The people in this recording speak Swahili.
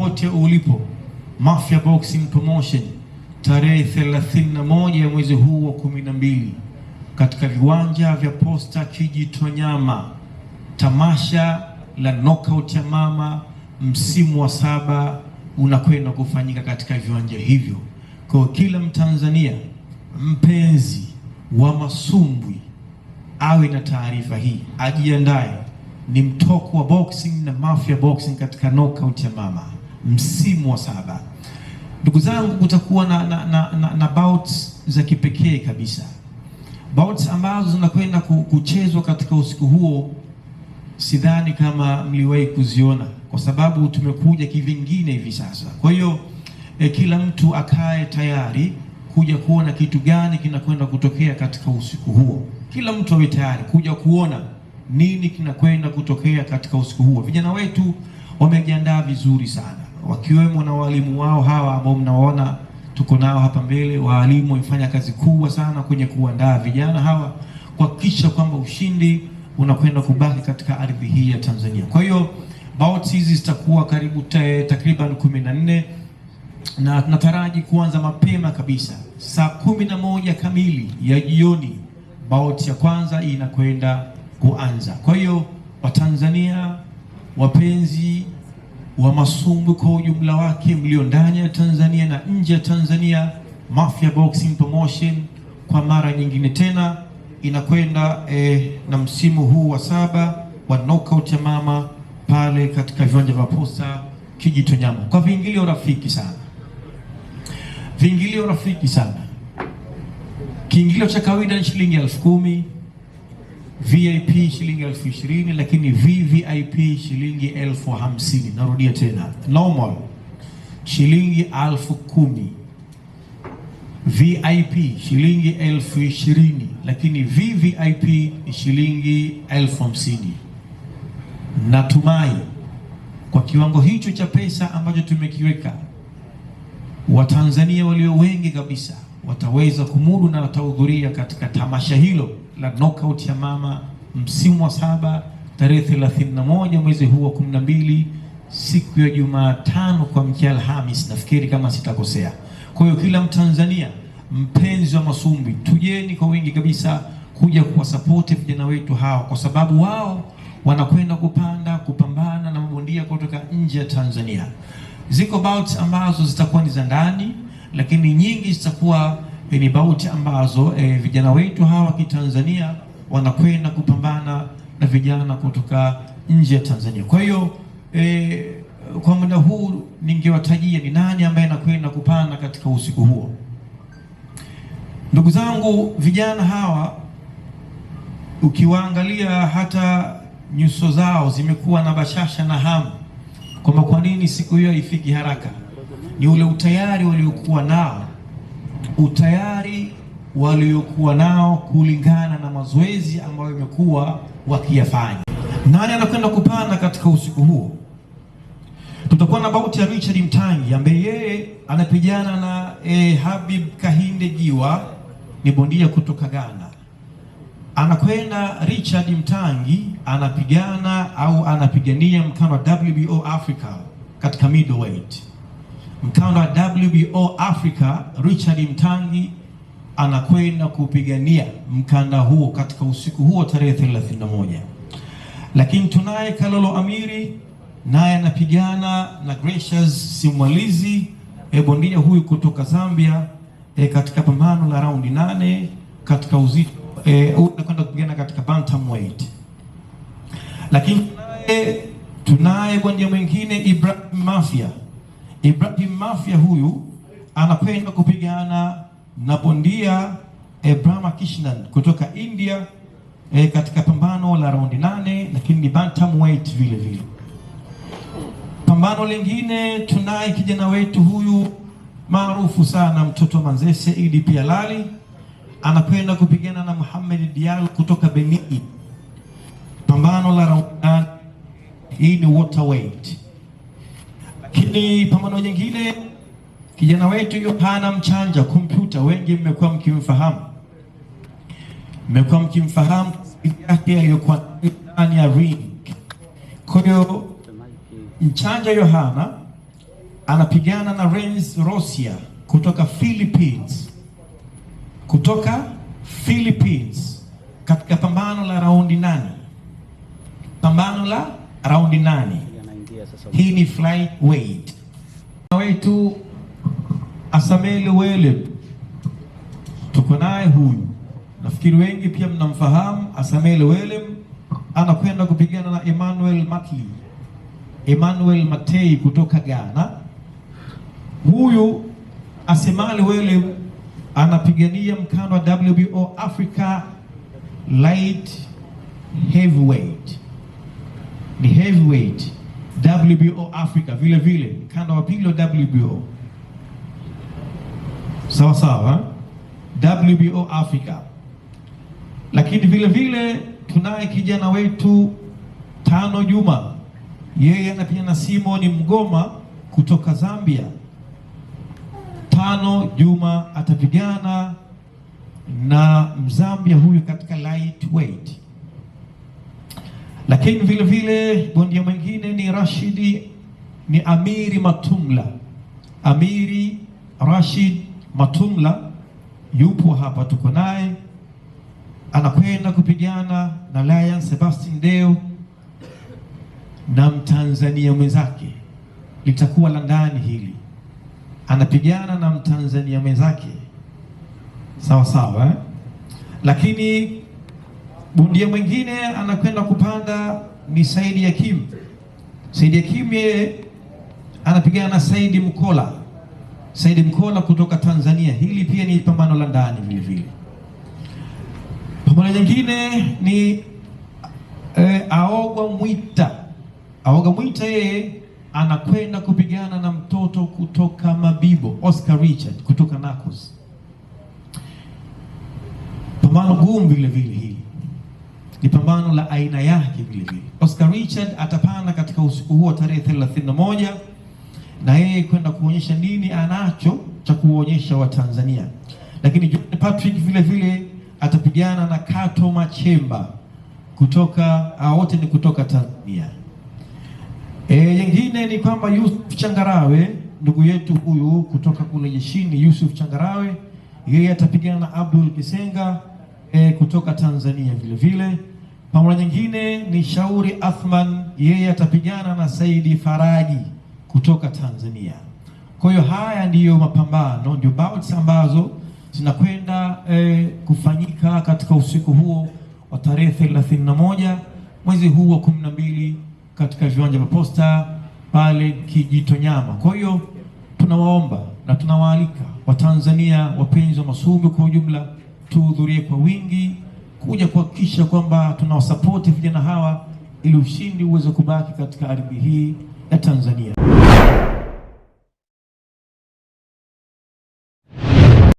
popote ulipo, Mafia Boxing Promotion tarehe 31 ya mwezi huu wa 12 katika viwanja vya Posta Kijitonyama, tamasha la knockout ya mama msimu wa saba unakwenda kufanyika katika viwanja hivyo. Kwa kila Mtanzania mpenzi wa masumbwi awe na taarifa hii, ajiandaye ni mtoko wa boxing na Mafia Boxing katika knockout ya mama msimu wa saba. Ndugu zangu, kutakuwa na, na, na, na, na bouts za kipekee kabisa, bouts ambazo zinakwenda kuchezwa katika usiku huo. Sidhani kama mliwahi kuziona, kwa sababu tumekuja kivingine hivi sasa. Kwa hiyo e, kila mtu akae tayari kuja kuona kitu gani kinakwenda kutokea katika usiku huo. Kila mtu awe tayari kuja kuona nini kinakwenda kutokea katika usiku huo. Vijana wetu wamejiandaa vizuri sana wakiwemo na walimu wao hawa ambao mnaona tuko nao hapa mbele. Waalimu wamefanya kazi kubwa sana kwenye kuandaa vijana hawa kuhakikisha kwamba ushindi unakwenda kubaki katika ardhi hii ya Tanzania. Kwa hiyo bauti hizi zitakuwa karibu takriban kumi na nne na tunataraji kuanza mapema kabisa saa kumi na moja kamili ya jioni, bauti ya kwanza inakwenda kuanza. Kwa hiyo Watanzania wapenzi wa masumbu kwa ujumla wake mlio ndani ya Tanzania na nje ya Tanzania. Mafia Boxing Promotion kwa mara nyingine tena inakwenda eh, na msimu huu wa saba wa knockout ya mama pale katika viwanja vya Posta Kijitonyama kwa viingilio rafiki sana, viingilio rafiki sana. Kiingilio cha kawaida ni shilingi elfu kumi. VIP shilingi elfu ishirini lakini VVIP shilingi elfu hamsini Narudia tena, normal shilingi elfu kumi VIP shilingi elfu ishirini lakini VVIP ni shilingi elfu hamsini Natumai kwa kiwango hicho cha pesa ambacho tumekiweka, Watanzania walio wengi kabisa wataweza kumudu na watahudhuria katika tamasha hilo la knockout ya mama msimu wa saba tarehe 31 mwezi huu wa 12 siku ya Jumatano kwa mkia Alhamis, nafikiri kama sitakosea. Kwa hiyo kila Mtanzania mpenzi wa masumbwi, tujeni kwa wingi kabisa kuja kuwasapoti vijana wetu hawa, kwa sababu wao wanakwenda kupanda kupambana na mabondia kutoka nje ya Tanzania. Ziko bouts ambazo zitakuwa ni za ndani lakini nyingi zitakuwa ni bauti ambazo e, vijana wetu hawa wa Kitanzania wanakwenda kupambana na vijana kutoka nje ya Tanzania. Kwa hiyo e, kwa muda huu ningewatajia ni nani ambaye anakwenda kupana katika usiku huo. Ndugu zangu, vijana hawa ukiwaangalia hata nyuso zao zimekuwa na bashasha na hamu kwamba kwa nini siku hiyo haifiki haraka ni ule utayari waliokuwa nao, utayari waliokuwa nao kulingana na mazoezi ambayo wamekuwa wakiyafanya. Nani anakwenda kupanda katika usiku huo? Tutakuwa na bauti ya Richard Mtangi ambaye yeye anapigana na e, Habib Kahinde Jiwa, ni bondia kutoka Ghana. Anakwenda Richard Mtangi anapigana au anapigania mkano wa WBO Africa katika middleweight mkanda wa WBO Africa Richard Mtangi anakwenda kupigania mkanda huo katika usiku huo tarehe 31, lakini tunaye Kalolo Amiri naye anapigana na Gracious Simwalizi e, bondia huyu kutoka Zambia e, katika pambano la raundi nane katika uzito e, anakwenda kupigana katika bantamweight, lakini tunaye bondia mwingine Ibrahim Mafia Ibrahim Mafia huyu anakwenda kupigana na bondia Ebrahim Krishnan kutoka India e, katika pambano la raundi nane, lakini ni bantamweight vile vile. Pambano lingine tunaye kijana wetu huyu maarufu sana mtoto wa Manzese Idi Pialali anakwenda kupigana na Muhammad dial kutoka Benin, pambano la raundi nane. Hii ni waterweight. Lakini pambano jingine, kijana wetu Yohana Mchanja kompyuta, wengi mmekuwa mkimfahamu, mmekuwa mkimfahamu yake aliyokuwa ndani ya ring. Kwa hiyo Mchanja Yohana anapigana na Reigns Rosia kutoka Philippines, kutoka Philippines katika pambano la raundi nane, pambano la raundi nane. Hii ni flyweight wetu Asamele Welep, tuko naye huyu, nafikiri wengi pia mnamfahamu asameli Welep, Anakwenda kupigana na Emmanuel Matli, Emmanuel Matei kutoka Ghana. Huyu Asamele Welep anapigania mkano wa WBO Africa light heavyweight, ni heavyweight WBO Africa vile vile kanda wa pili wa WBO sawa sawa, eh? WBO Africa. Lakini vile vile tunaye kijana wetu Tano Juma, yeye anapigana na Simon Mgoma kutoka Zambia. Tano Juma atapigana na Mzambia huyu katika lightweight lakini vile vile bondia mwingine ni Rashidi, ni Amiri Matumla. Amiri Rashid Matumla yupo hapa, tuko naye, anakwenda kupigana na Lion Sebastian Deo na Mtanzania mwenzake, litakuwa la ndani hili, anapigana na Mtanzania mwenzake sawa sawa eh? lakini Bondia mwingine anakwenda kupanda ni Saidi Yakim. Saidi Yakim yeye anapigana na Saidi Mkola. Saidi Mkola kutoka Tanzania. Hili pia ni pambano la ndani vile vile. Pambano nyingine ni e, Aogwa Mwita. Aogwa Mwita yeye anakwenda kupigana na mtoto kutoka Mabibo, Oscar Richard kutoka Nakos. Pambano gumu vile vile hii ni pambano la aina yake vile vile. Oscar Richard atapanda katika usiku huo tarehe 31 na yeye kwenda kuonyesha nini anacho cha kuonyesha Watanzania, lakini John Patrick vile vile atapigana na Kato Machemba kutoka ah, wote ni kutoka Tanzania. E, nyingine ni kwamba Yusuf Changarawe ndugu yetu huyu kutoka kule jeshini, Yusuf Changarawe yeye atapigana na Abdul Kisenga e, kutoka Tanzania vile vile. Pamoja nyingine ni Shauri Athman, yeye atapigana na Saidi Faraji kutoka Tanzania. Kwa hiyo haya ndiyo mapambano, ndio bouts ambazo zinakwenda eh, kufanyika katika usiku huo wa tarehe 31 mwezi huu wa 12 katika viwanja vya Posta pale Kijitonyama. Kwa hiyo tunawaomba na tunawaalika Watanzania wapenzi wa masumbu kwa ujumla, tuhudhurie kwa wingi kuja kuhakikisha kwamba tunawasapoti vijana hawa ili ushindi uweze kubaki katika ardhi hii ya Tanzania.